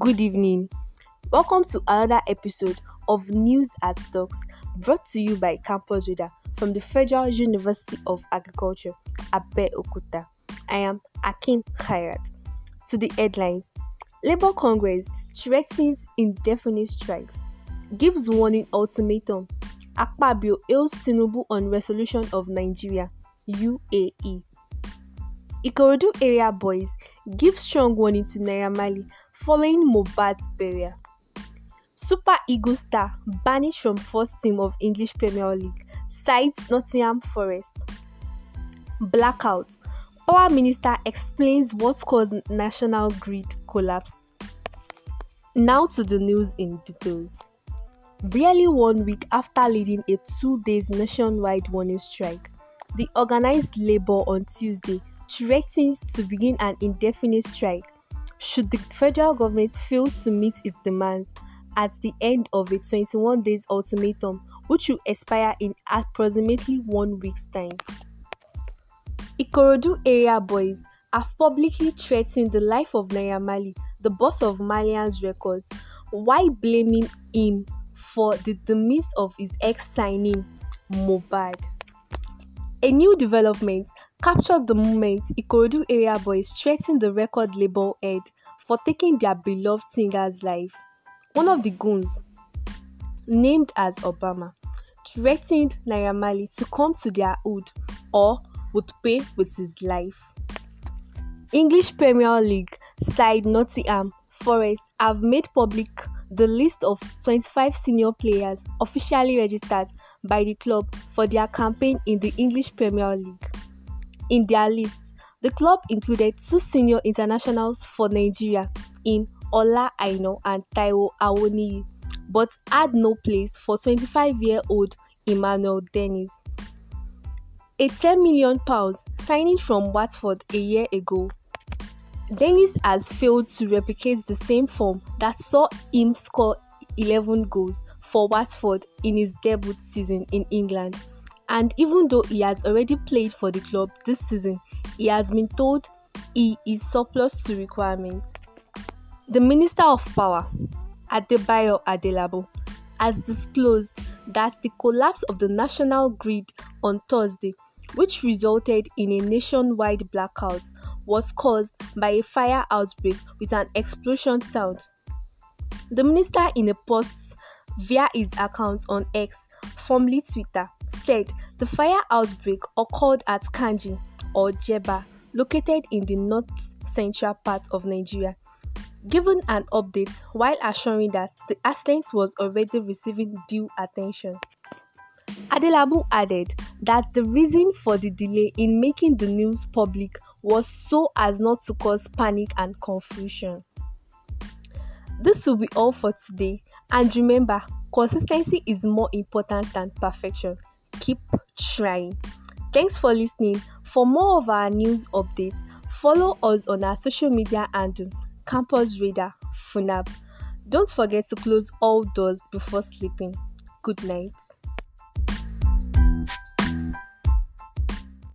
Good evening. Welcome to another episode of News at Docs brought to you by Campus Reader from the Federal University of Agriculture, Abeokuta. I am Akim Khairat. To the headlines Labour Congress threatens indefinite strikes, gives warning ultimatum. Akpabio hails Tinubu on resolution of Nigeria, UAE. Ikorodu area boys give strong warning to Naira Mali following Mobad's burial. Super ego star banished from first team of English Premier League sides Nottingham Forest. Blackout. Power Minister explains what caused national grid collapse. Now to the news in details. Barely one week after leading a two days nationwide warning strike, the organized labor on Tuesday threatened to begin an indefinite strike should the federal government fail to meet its demands at the end of a 21 days ultimatum, which will expire in approximately one week's time. Ikorodu area boys have publicly threatened the life of Naya Mali, the boss of Malian's records, while blaming him for the demise of his ex signing, Mobad. A new development Captured the moment, Ikorodu area boys threatened the record label head for taking their beloved singer's life. One of the goons, named as Obama, threatened Naira to come to their hood or would pay with his life. English Premier League side Nottingham Forest have made public the list of 25 senior players officially registered by the club for their campaign in the English Premier League. In their list, the club included two senior internationals for Nigeria in Ola Aino and Taiwo Awoniyi, but had no place for 25-year-old Emmanuel Dennis. A £10 million signing from Watford a year ago Dennis has failed to replicate the same form that saw him score 11 goals for Watford in his debut season in England. And even though he has already played for the club this season, he has been told he is surplus to requirements. The Minister of Power, Adebayo Adelabo, has disclosed that the collapse of the national grid on Thursday, which resulted in a nationwide blackout, was caused by a fire outbreak with an explosion sound. The minister, in a post via his account on X, formerly Twitter, said the fire outbreak occurred at Kanji or Jeba, located in the north central part of Nigeria. Given an update while assuring that the accident was already receiving due attention. Adelabu added that the reason for the delay in making the news public was so as not to cause panic and confusion. This will be all for today, and remember, consistency is more important than perfection keep trying. Thanks for listening. For more of our news updates, follow us on our social media and Campus Radar FUNAB. Don't forget to close all doors before sleeping. Good night.